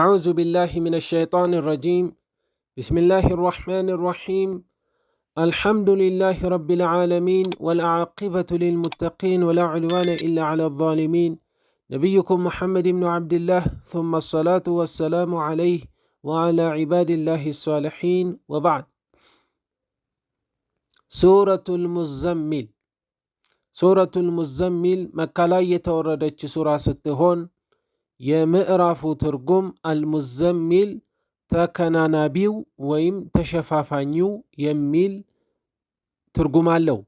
أعوذ بالله من الشيطان الرجيم بسم الله الرحمن الرحيم الحمد لله رب العالمين والعاقبة للمتقين ولا عدوان إلا على الظالمين نبيكم محمد بن عبد الله ثم الصلاة والسلام عليه وعلى عباد الله الصالحين وبعد سورة المزمل سورة المزمل مكالاية ላይ سورة ستهون የምዕራፉ ትርጉም አልሙዘሚል ተከናናቢው ወይም ተሸፋፋኙ የሚል ትርጉም አለው።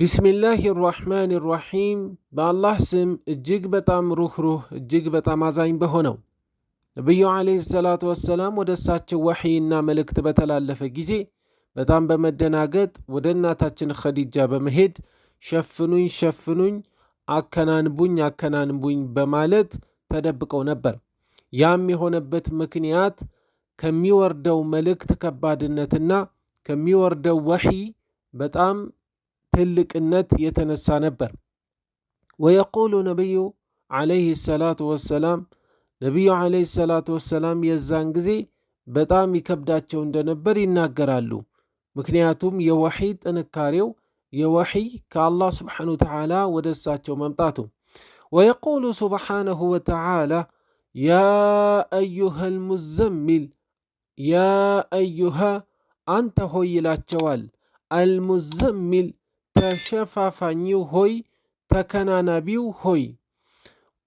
ቢስሚላህ ራህማን ራሒም በአላህ ስም እጅግ በጣም ሩህሩህ እጅግ በጣም አዛኝ በሆነው ነቢዩ ዓለይሂ ሰላቱ ወሰላም ወደ እሳቸው ወሕይና መልእክት በተላለፈ ጊዜ በጣም በመደናገጥ ወደ እናታችን ኸዲጃ በመሄድ ሸፍኑኝ ሸፍኑኝ አከናንቡኝ አከናንቡኝ በማለት ተደብቀው ነበር። ያም የሆነበት ምክንያት ከሚወርደው መልእክት ከባድነትና ከሚወርደው ወሒ በጣም ትልቅነት የተነሳ ነበር። ወየቁሉ ነቢዩ ዓለይህ ሰላቱ ወሰላም ነቢዩ ዓለይህ ሰላቱ ወሰላም የዛን ጊዜ በጣም ይከብዳቸው እንደነበር ይናገራሉ። ምክንያቱም የወሕይ ጥንካሬው የወሕይ ከአላህ ስብሓን ወተዓላ ወደ እሳቸው መምጣቱ ወየቁሉ ስብሓነሁ ወተዓላ ያ አዩሃ ልሙዘሚል ያ አዩሃ አንተ ሆይ ይላቸዋል። አልሙዘሚል ተሸፋፋኝው ሆይ ተከናናቢው ሆይ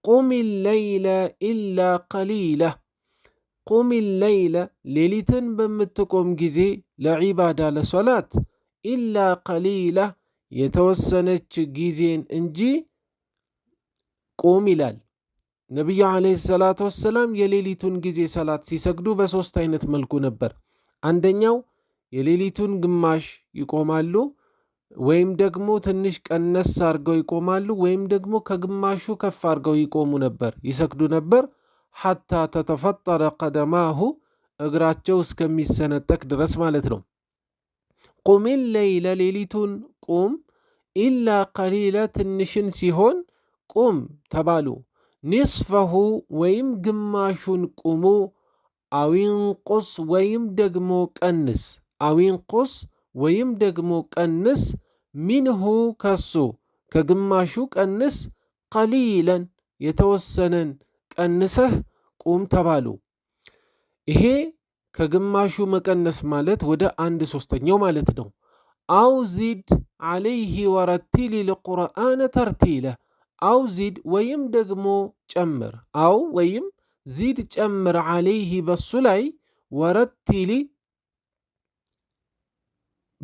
ቁሚ ለይለ ኢላ ቀሊላ ቁሚ ለይለ ሌሊትን በምትቆም ጊዜ ለዒባዳ ለሶላት ኢላ ቀሊላ የተወሰነች ጊዜን እንጂ ቁም ይላል። ነቢዩ ዓለይሂ ሰላቱ ወሰላም የሌሊቱን ጊዜ ሰላት ሲሰግዱ በሶስት አይነት መልኩ ነበር። አንደኛው የሌሊቱን ግማሽ ይቆማሉ፣ ወይም ደግሞ ትንሽ ቀነስ አርገው ይቆማሉ፣ ወይም ደግሞ ከግማሹ ከፍ አድርገው ይቆሙ ነበር ይሰግዱ ነበር። ሐታ ተተፈጠረ ቀደማሁ እግራቸው እስከሚሰነጠቅ ድረስ ማለት ነው። ቁሚል ለይለ ሌሊቱን ቁም ኢላ ቀሊለ ትንሽን ሲሆን ቁም ተባሉ። ኒስፈሁ ወይም ግማሹን ቁሙ፣ አዊንቁስ ወይም ደግሞ ቀንስ፣ አዊንቁስ ወይም ደግሞ ቀንስ፣ ሚንሁ ከሱ ከግማሹ ቀንስ፣ ቀሊለን የተወሰነን ቀንሰህ ቁም ተባሉ። ይሄ ከግማሹ መቀነስ ማለት ወደ አንድ ሶስተኛው ማለት ነው። አውዚድ ዚድ አለይህ ወረቲል ልቁርአነ ተርቲለ አው ዚድ ወይም ደግሞ ጨምር አው ወይም ዚድ ጨምር አለይህ በሱ ላይ ወረቲሊ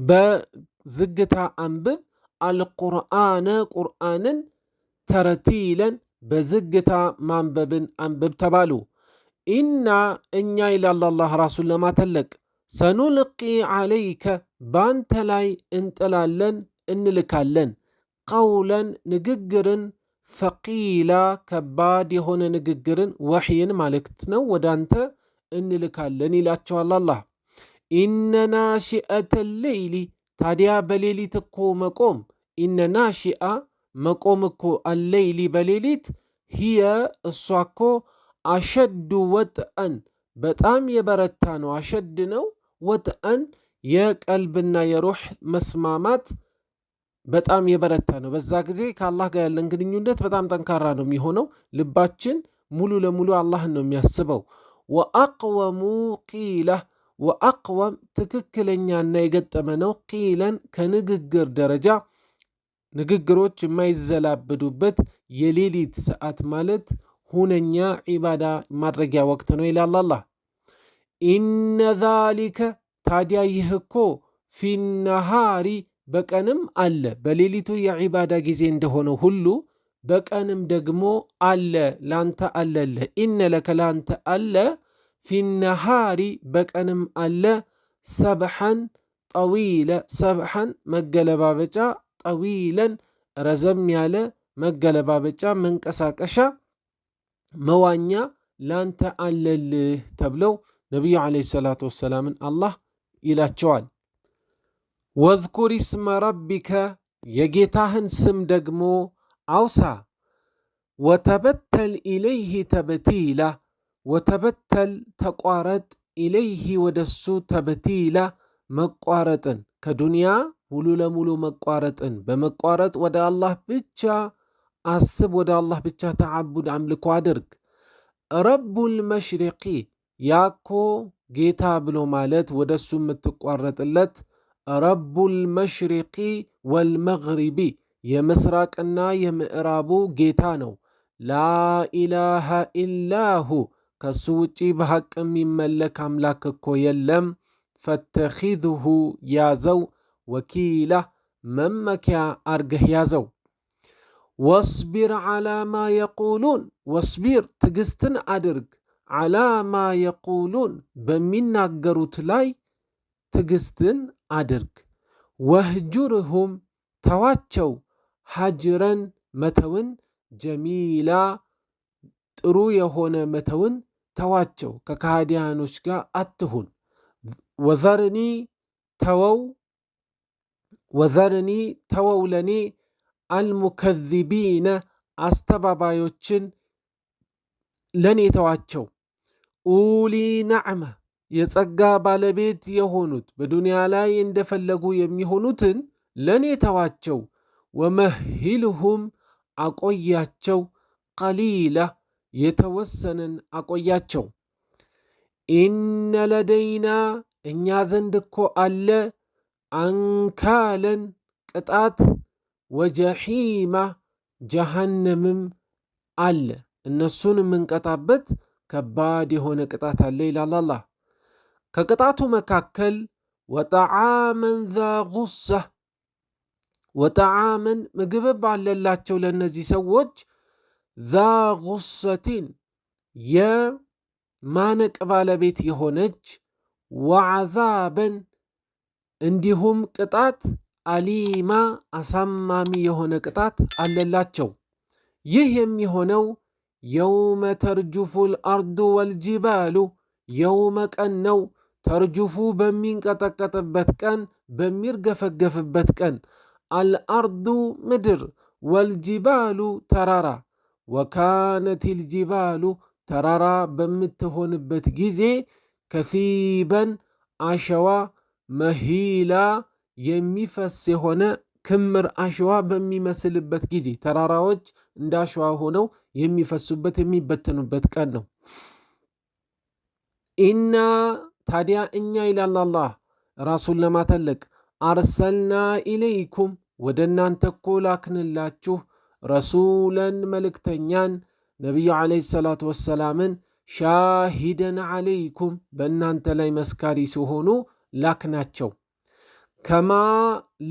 በዝግታ አንብብ አልቁርአነ ቁርአንን ተረቲለን በዝግታ ማንበብን አንብብ ተባሉ። ኢና እኛ ይላል አላህ ራሱን ለማተለቅ ሰኑልቂ ዓለይከ ባንተ ላይ እንጥላለን እንልካለን ቀውለን ንግግርን ፈቂላ ከባድ የሆነ ንግግርን ወሕይን ማለክት ነው ወደ አንተ እንልካለን ይላቸዋል አላህ ኢነ ናሺአተ ሌይሊ ታዲያ በሌሊት እኮ መቆም ኢነ ናሺአ መቆም እኮ አሌይሊ በሌሊት ሂየ እሷ እኮ አሸዱ ወጥአን በጣም የበረታ ነው። አሸድ ነው ወጥአን የቀልብና የሩህ መስማማት በጣም የበረታ ነው። በዛ ጊዜ ከአላህ ጋር ያለን ግንኙነት በጣም ጠንካራ ነው የሚሆነው። ልባችን ሙሉ ለሙሉ አላህን ነው የሚያስበው። ወአቅወሙ ቂላ ወአቅወም ትክክለኛና የገጠመ ነው። ቂለን ከንግግር ደረጃ ንግግሮች የማይዘላብዱበት የሌሊት ሰዓት ማለት ሁነኛ ዒባዳ ማድረጊያ ወቅት ነው ይላል አላህ። ኢነ ዛሊከ ታዲያ ይህ እኮ ፊነሃሪ በቀንም አለ በሌሊቱ የዒባዳ ጊዜ እንደሆነ ሁሉ በቀንም ደግሞ አለ ላንተ አለለ ኢነ ለከ ላንተ አለ ፊነሃሪ በቀንም አለ ሰብሐን ጠዊለ ሰብሐን መገለባበጫ ጠዊለን ረዘም ያለ መገለባበጫ መንቀሳቀሻ መዋኛ ላንተ አለልህ ተብለው ነቢዩ ዓለይሂ ሰላቱ ወሰላምን አላህ ይላቸዋል። ወዝኩር ስመ ረቢከ የጌታህን ስም ደግሞ አውሳ። ወተበተል ኢለይህ ተበቲላ ወተበተል ተቋረጥ፣ ኢለይህ ወደሱ ተበቲላ መቋረጥን ከዱንያ ሙሉ ለሙሉ መቋረጥን በመቋረጥ ወደ አላህ ብቻ አስብ፣ ወደ አላህ ብቻ ተዓቡድ አምልኮ አድርግ። ረቡል መሽሪቂ ያኮ ጌታ ብሎ ማለት ወደ እሱ የምትቋረጥለት ረቡል መሽሪቂ ወልመግሪቢ የምስራቅና የምዕራቡ ጌታ ነው። ላኢላሃ ኢላሁ ከሱ ውጪ በሐቅ የሚመለክ አምላክ እኮ የለም። ፈተኪድሁ ያዘው፣ ወኪላ መመኪያ አርገህ ያዘው። ወስቢር ዓላማ የቁሉን ወስቢር ትዕግስትን አድርግ ዓላማ የቁሉን በሚናገሩት ላይ ትዕግስትን አድርግ። ወህጁርሁም ተዋቸው፣ ሀጅረን መተውን ጀሚላ ጥሩ የሆነ መተውን ተዋቸው፣ ከካህዲያኖች ጋር አትሁን። ወዘርኒ ተወው፣ ወዘርኒ ተወው ለኔ አልሙከዚቢነ አስተባባዮችን ለኔ ተዋቸው። ኡሊ ናዕመ የጸጋ ባለቤት የሆኑት በዱንያ ላይ እንደፈለጉ የሚሆኑትን ለኔ ተዋቸው። ወመሂልሁም አቆያቸው፣ ቀሊላ የተወሰነን አቆያቸው። ኢነ ለደይና እኛ ዘንድ እኮ አለ አንካለን ቅጣት ወጀሒማ ጀሃነምም አለ። እነሱን የምንቀጣበት ከባድ የሆነ ቅጣት አለ ይላል አላህ። ከቅጣቱ መካከል ወጠዓመን ዛ ጉሳ ወጠዓመን ምግብብ አለላቸው ለእነዚህ ሰዎች ዛ ጉሰቲን የማነቅ ባለቤት የሆነች ወዓዛበን እንዲሁም ቅጣት አሊማ አሳማሚ የሆነ ቅጣት አለላቸው። ይህ የሚሆነው የውመ ተርጁፉ ልአርዱ ወልጂባሉ የውመ ቀን ነው። ተርጁፉ በሚንቀጠቀጥበት ቀን በሚርገፈገፍበት ቀን አልአርዱ ምድር ወልጅባሉ ተራራ ወካነት ልጅባሉ ተራራ በምትሆንበት ጊዜ ከሲበን አሸዋ መሂላ የሚፈስ የሆነ ክምር አሸዋ በሚመስልበት ጊዜ ተራራዎች እንደ አሸዋ ሆነው የሚፈሱበት የሚበተኑበት ቀን ነው። ኢና ታዲያ እኛ ይላል አላህ ራሱን ለማተለቅ አርሰልና ኢለይኩም ወደ እናንተ እኮ ላክንላችሁ ረሱለን መልእክተኛን ነቢዩ ዓለይሂ ሰላቱ ወሰላምን ሻሂደን ዓለይኩም በእናንተ ላይ መስካሪ ሲሆኑ ላክናቸው። ከማ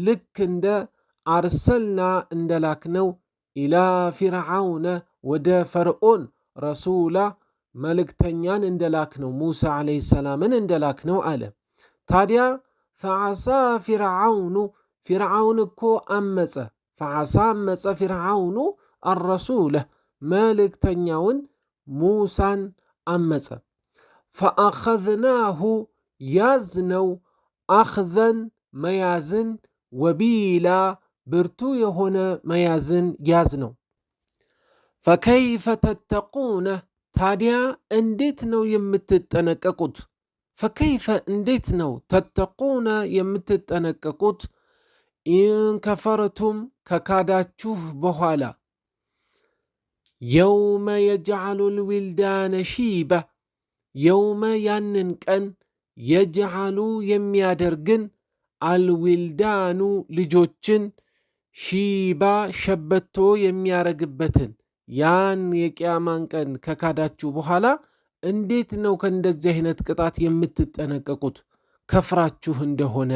ልክ እንደ አርሰልና እንደላክነው ኢላ ፊርዓውነ ወደ ፈርዖን ረሱላ መልእክተኛን እንደላክነው ሙሳ ዓለይሂ ሰላምን እንደላክነው አለ። ታዲያ ፈዓሳ ፊርዓውኑ ፊርዓውን እኮ አመፀ። ፈዓሳ አመፀ ፊርዓውኑ አረሱለ መልእክተኛውን ሙሳን አመፀ። ፈአኸዝናሁ ያዝነው አኽዘን መያዝን ወቢላ ብርቱ የሆነ መያዝን ያዝ ነው። ፈከይፈ ተተቁነ ታዲያ እንዴት ነው የምትጠነቀቁት? ፈከይፈ እንዴት ነው ተተቁነ የምትጠነቀቁት? ከፈረቱም ከካዳችሁ በኋላ የውመ የጀዓሉ ዊልዳነ ሺበ የውመ ያንን ቀን የጀዓሉ የሚያደርግን አልዊልዳኑ ልጆችን ሺባ ሸበቶ የሚያረግበትን ያን የቅያማን ቀን ከካዳችሁ በኋላ እንዴት ነው ከእንደዚህ አይነት ቅጣት የምትጠነቀቁት? ከፍራችሁ እንደሆነ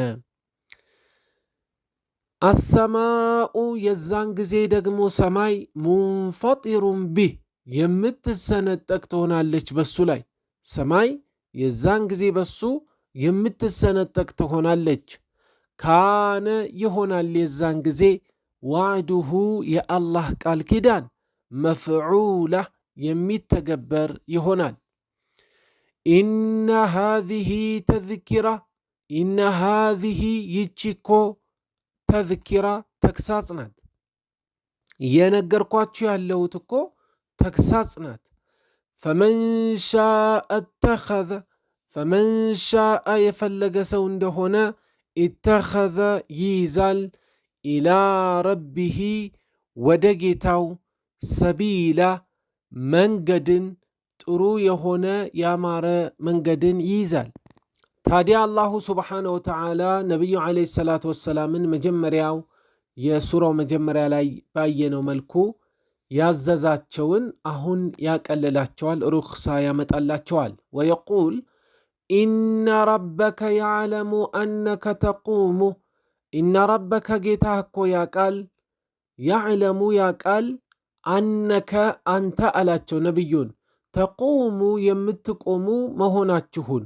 አሰማኡ የዛን ጊዜ ደግሞ ሰማይ ሙንፈጢሩን ቢህ የምትሰነጠቅ ትሆናለች። በሱ ላይ ሰማይ የዛን ጊዜ በሱ የምትሰነጠቅ ትሆናለች። ካነ ይሆናል የዛን ጊዜ ዋዕዱሁ የአላህ ቃል ኪዳን መፍዑላ የሚተገበር ይሆናል። ኢነ ሃዚህ ተዝኪራ ኢነ ሃዚህ ይቺኮ ተዝኪራ ተግሳጽ ናት። እየነገርኳችሁ ያለሁት እኮ ተግሳጽ ናት። ፈመን ሻአ ተኸዘ፣ ፈመን የፈለገ ሰው እንደሆነ ኢተኸዘ ይይዛል ኢላ ረቢሂ ወደ ጌታው ሰቢላ መንገድን ጥሩ የሆነ ያማረ መንገድን ይይዛል። ታዲያ አላሁ ስብሓነ ወተዓላ ነቢዩ ዓለይሂ ሰላቱ ወሰላምን መጀመሪያው የሱራው መጀመሪያ ላይ ባየነው መልኩ ያዘዛቸውን አሁን ያቀልላቸዋል፣ ሩክሳ ያመጣላቸዋል። ወየቁል ኢነ ረበከ ያዕለሙ አነከ ተቁሙ ኢነ ረበከ ጌታህ እኮ ያቃል ያዕለሙ ያቃል አነከ አንተ አላቸው ነቢዩን ተቁሙ የምትቆሙ መሆናችሁን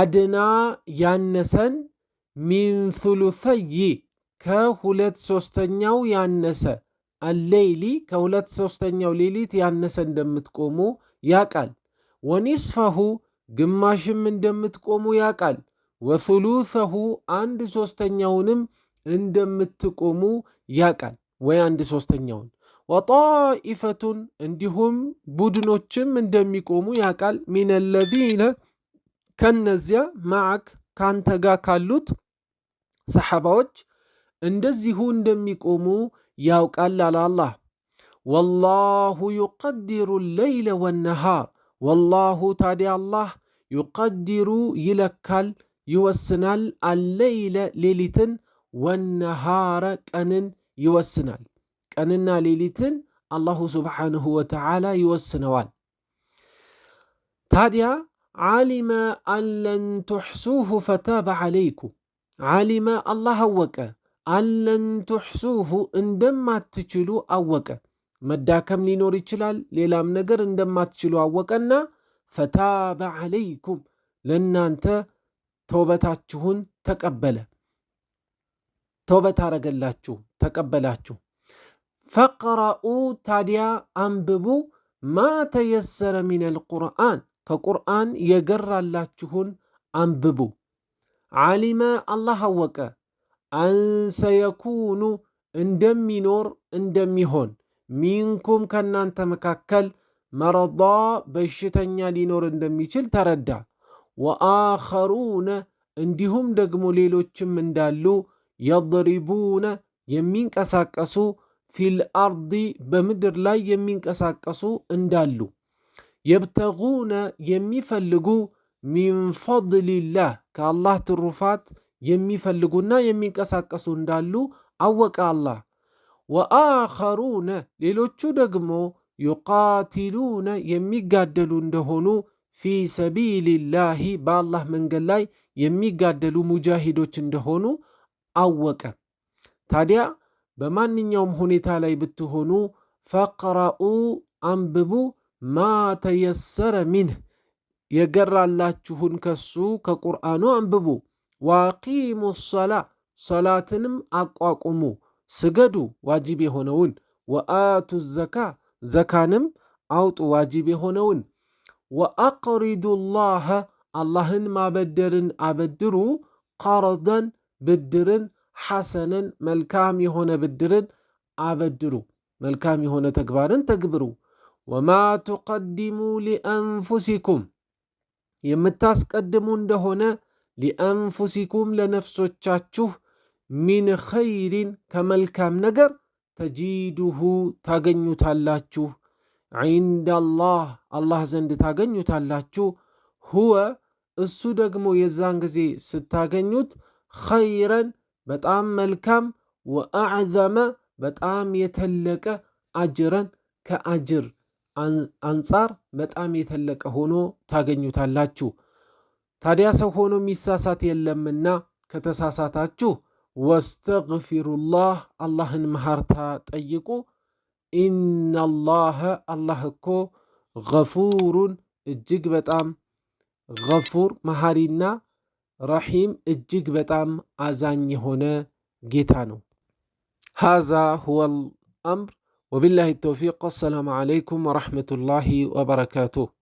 አድና ያነሰን ሚን ሱሉሰይ ከሁለት ሶስተኛው ያነሰ አሌይሊ ከሁለት ሶስተኛው ሌሊት ያነሰ እንደምትቆሙ ያቃል ወኒስፈሁ ግማሽም እንደምትቆሙ ያውቃል። ወሱሉሰሁ አንድ ሶስተኛውንም እንደምትቆሙ ያውቃል ወይ አንድ ሶስተኛውን ወጣኢፈቱን እንዲሁም ቡድኖችም እንደሚቆሙ ያውቃል። ሚነለዚነ ከነዚያ ማዕክ ካንተ ጋር ካሉት ሰሓባዎች እንደዚሁ እንደሚቆሙ ያውቃል አለ አላህ። ወላሁ ዩቀዲሩ ሌይለ ወነሃር ወላሁ ታዲያ አላህ ዩቀዲሩ ይለካል፣ ይወስናል። አለይለ ሌሊትን ወነሃረ ቀንን ይወስናል። ቀንና ሌሊትን አላሁ ስብሓንሁ ወተዓላ ይወስነዋል። ታዲያ ዓሊመ አለን ትሕሱሁ ፈተበ ዓለይኩም ዓሊመ አላህ አወቀ፣ አለን ትሕሱሁ እንደማትችሉ አወቀ መዳከም ሊኖር ይችላል። ሌላም ነገር እንደማትችሉ አወቀና ፈታበ ዓለይኩም ለእናንተ ተውበታችሁን ተቀበለ። ተውበት አረገላችሁ፣ ተቀበላችሁ። ፈቅረኡ ታዲያ አንብቡ ማ ተየሰረ ሚነል ቁርአን ከቁርአን የገራላችሁን አንብቡ። ዓሊመ አላህ አወቀ፣ አንሰየኩኑ እንደሚኖር እንደሚሆን ሚንኩም ከእናንተ መካከል መረዳ በሽተኛ ሊኖር እንደሚችል ተረዳ። ወአኸሩነ እንዲሁም ደግሞ ሌሎችም እንዳሉ የድሪቡነ የሚንቀሳቀሱ ፊል በምድር ላይ የሚንቀሳቀሱ እንዳሉ የብተጉነ የሚፈልጉ ሚን ከአላህ ትሩፋት የሚፈልጉና የሚንቀሳቀሱ እንዳሉ አወቀ አላህ። ወአኸሩነ ሌሎቹ ደግሞ ዩቃቲሉነ የሚጋደሉ እንደሆኑ ፊ ሰቢልላሂ በአላህ መንገድ ላይ የሚጋደሉ ሙጃሂዶች እንደሆኑ አወቀ። ታዲያ በማንኛውም ሁኔታ ላይ ብትሆኑ ፈቅረኡ አንብቡ ማ ተየሰረ ሚንህ የገራላችሁን ከሱ ከቁርአኑ አንብቡ። ዋቂሙ ሰላ ሰላትንም አቋቁሙ። ስገዱ ዋጅብ የሆነውን ወአቱ ዘካ ዘካንም አውጡ ዋጅብ የሆነውን ወአቅሪዱ ላህ አላህን ማበደርን አበድሩ ቀረደን ብድርን ሐሰንን መልካም የሆነ ብድርን አበድሩ መልካም የሆነ ተግባርን ተግብሩ። ወማ ቱቀድሙ ሊአንፉሲኩም የምታስቀድሙ እንደሆነ ሊአንፉሲኩም ለነፍሶቻችሁ ሚን ኸይሪን ከመልካም ነገር ተጂዱሁ ታገኙታላችሁ ዒንደ አላህ አላህ ዘንድ ታገኙታላችሁ። ሁወ እሱ ደግሞ የዛን ጊዜ ስታገኙት ኸይረን በጣም መልካም ወአዕዘመ በጣም የተለቀ አጅረን ከአጅር አንጻር በጣም የተለቀ ሆኖ ታገኙታላችሁ። ታዲያ ሰው ሆኖ የሚሳሳት የለምና ከተሳሳታችሁ ወስተግፊሩላህ አላህን መሐርታ ጠይቁ። ኢነላህ አላህ እኮ ገፉሩን እጅግ በጣም ገፉር መሐሪና ረሒም እጅግ በጣም አዛኝ የሆነ ጌታ ነው። ሃዛ ሁወ አምር ወቢላሂ ተውፊቅ። አሰላሙ ዓለይኩም ወረሕመቱላሂ ወበረካቱሁ።